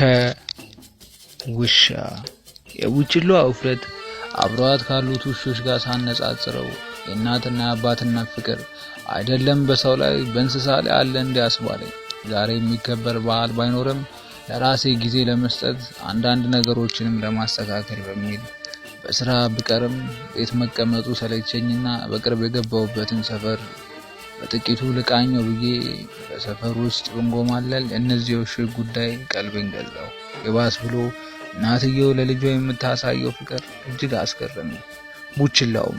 ከውሻ የቡችላዋ ውፍረት አብሯት ካሉት ውሾች ጋር ሳነጻጽረው የእናትና የአባትና ፍቅር አይደለም በሰው ላይ በእንስሳ ላይ አለ እንዲያስባለኝ ዛሬ የሚከበር በዓል ባይኖርም ለራሴ ጊዜ ለመስጠት አንዳንድ ነገሮችንም ለማስተካከል በሚል በስራ ብቀርም ቤት መቀመጡ ሰለቸኝና በቅርብ የገባውበትን ሰፈር በጥቂቱ ልቃኘው ብዬ በሰፈር ውስጥ እንጎማለል። እነዚህ ውሾች ጉዳይ ቀልብን ገዛው። የባስ ብሎ እናትየው ለልጇ የምታሳየው ፍቅር እጅግ አስገረሚ። ቡችላውም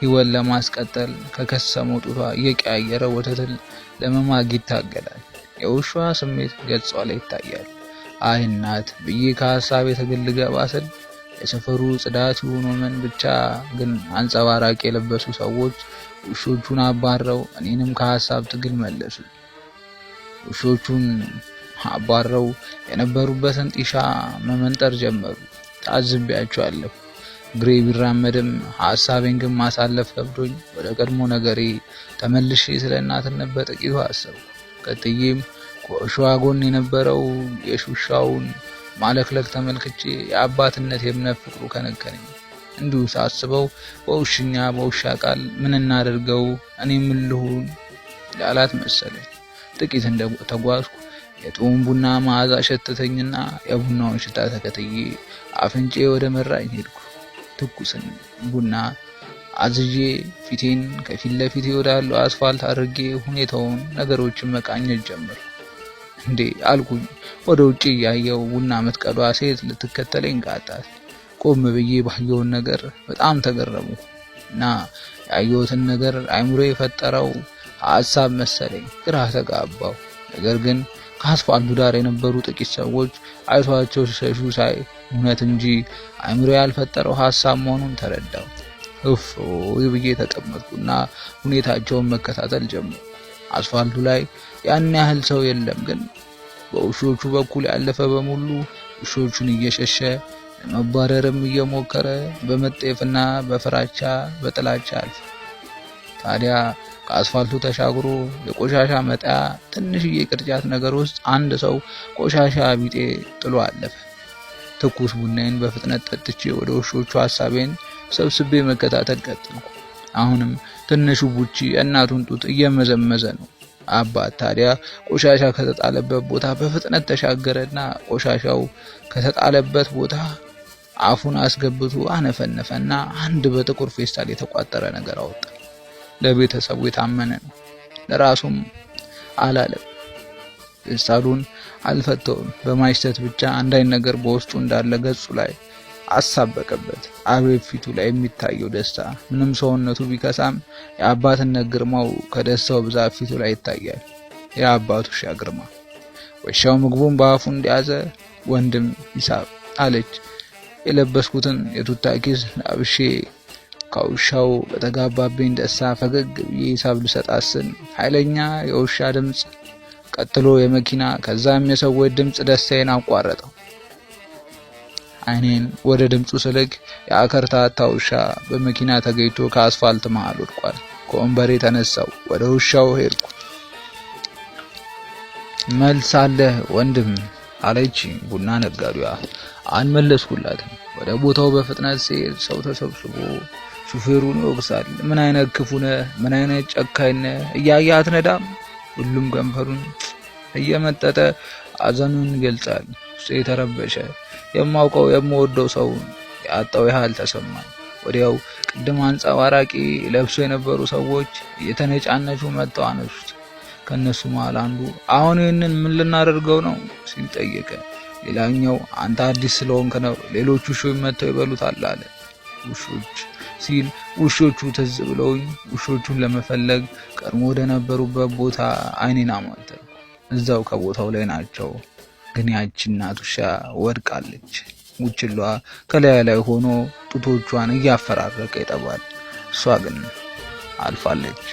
ሕይወት ለማስቀጠል ከከሰመው ጡቷ እየቀያየረ ወተትን ለመማግ ይታገላል። የውሿ ስሜት ገጿ ላይ ይታያል። አይ እናት ብዬ ከሀሳብ የተገልገባ ስል የሰፈሩ ጽዳት የሆኖ መን ብቻ ግን አንጸባራቂ የለበሱ ሰዎች ውሾቹን አባረው እኔንም ከሀሳብ ትግል መለሱ። ውሾቹን አባረው የነበሩበትን ጢሻ መመንጠር ጀመሩ። ታዝቤያቸዋለሁ። እግሬ ቢራመድም ሀሳቤን ግን ማሳለፍ ከብዶኝ ወደ ቀድሞ ነገሬ ተመልሼ ስለ እናትነት በጥቂቱ አሰብኩ። ቀጥዬም ከእሸዋ ጎን የነበረው የሹሻውን ማለክለክ ተመልክቼ የአባትነት የእምነት ፍቅሩ ከነከረኝ። እንዲሁ ሳስበው በውሽኛ በውሻ ቃል ምን እናደርገው እኔ ምን ልሁን ላላት መሰለኝ። ጥቂት እንደ ተጓዝኩ የጡም ቡና መዓዛ ሸተተኝና የቡናውን ሽታ ተከትዬ አፍንጬ ወደ መራኝ ሄድኩ። ትኩስን ቡና አዝዤ ፊቴን ከፊት ለፊቴ ወዳለው አስፋልት አድርጌ ሁኔታውን ነገሮችን መቃኘት ጀመር። እንዴ አልኩኝ። ወደ ውጭ እያየው ቡና መትቀዷ ሴት ልትከተለኝ ቃጣት። ቆም ብዬ ባየውን ነገር በጣም ተገረሙ እና ያየሁትን ነገር አይምሮ የፈጠረው ሀሳብ መሰለኝ። ግራ ተጋባው። ነገር ግን ከአስፋልቱ ዳር የነበሩ ጥቂት ሰዎች አይቷቸው ሲሸሹ ሳይ እውነት እንጂ አይምሮ ያልፈጠረው ሀሳብ መሆኑን ተረዳው። እፎ ብዬ ተቀመጥኩና ሁኔታቸውን መከታተል ጀመሩ። አስፋልቱ ላይ ያን ያህል ሰው የለም፣ ግን በውሾቹ በኩል ያለፈ በሙሉ ውሾቹን እየሸሸ ለመባረርም እየሞከረ በመጠየፍና በፍራቻ በጥላቻ አልፈ። ታዲያ ከአስፋልቱ ተሻግሮ የቆሻሻ መጣያ ትንሽዬ ቅርጫት ነገር ውስጥ አንድ ሰው ቆሻሻ ቢጤ ጥሎ አለፈ። ትኩስ ቡናዬን በፍጥነት ጠጥቼ ወደ ውሾቹ ሀሳቤን ሰብስቤ መከታተል ቀጠልኩ። አሁንም ትንሹ ቡቺ የእናቱን ጡት እየመዘመዘ ነው። አባት ታዲያ ቆሻሻ ከተጣለበት ቦታ በፍጥነት ተሻገረና ቆሻሻው ከተጣለበት ቦታ አፉን አስገብቶ አነፈነፈና አንድ በጥቁር ፌስታል የተቋጠረ ነገር አወጣ። ለቤተሰቡ የታመነ ነው፣ ለራሱም አላለም። ፌስታሉን አልፈተውም። በማይስተት ብቻ አንዳች ነገር በውስጡ እንዳለ ገጹ ላይ አሳበቀበት። አቤት ፊቱ ላይ የሚታየው ደስታ! ምንም ሰውነቱ ቢከሳም የአባትነት ግርማው ከደስታው ብዛት ፊቱ ላይ ይታያል። የአባቱ ውሻ ግርማ! ውሻው ምግቡን በአፉ እንደያዘ ወንድም ሂሳብ አለች። የለበስኩትን የቱታ ኪስ አብሼ ከውሻው በተጋባብኝ ደስታ ፈገግ ብዬ ሂሳብ ልሰጣት ኃይለኛ የውሻ ድምፅ፣ ቀጥሎ የመኪና ከዛም የሰዎች ድምፅ ደስታዬን አቋረጠው። አይኔን ወደ ድምፁ ስልክ የአከርታታ ውሻ በመኪና ተገኝቶ ከአስፋልት መሃል ወድቋል። ከወንበሬ ተነሳው፣ ወደ ውሻው ሄድኩ። መልስ አለህ ወንድም አለች ቡና ነጋዴዋ። አልመለስኩላትም። ወደ ቦታው በፍጥነት ሲሄድ ሰው ተሰብስቦ ሹፌሩን ይወቅሳል። ምን አይነት ክፉ ነህ፣ ምን አይነት ጨካኝ ነህ፣ እያየህ አትነዳም። ሁሉም ገንፈሩን እየመጠጠ አዘኑን ይገልጻል። ውስጤ የተረበሸ የማውቀው የምወደው ሰውን ያጣው ያህል ተሰማኝ። ወዲያው ቅድም አንጸባራቂ ለብሶ የነበሩ ሰዎች እየተነጫነቹ መጥተው አነሱት። ከእነሱ መሃል አንዱ አሁን ይህንን ምን ልናደርገው ነው ሲል ጠየቀ። ሌላኛው አንተ አዲስ ስለሆንክ ነው ሌሎች ውሾች መጥተው ይበሉታል አለ። ውሾች ሲል ውሾቹ ትዝ ብለውኝ ውሾቹን ለመፈለግ ቀድሞ ወደ ነበሩበት ቦታ አይኔን አማተብ እዛው ከቦታው ላይ ናቸው። ግን ያቺ እናት ውሻ ወድቃለች። ውችሏ ከላያ ላይ ሆኖ ጡቶቿን እያፈራረቀ ይጠባል። እሷ ግን አልፋለች።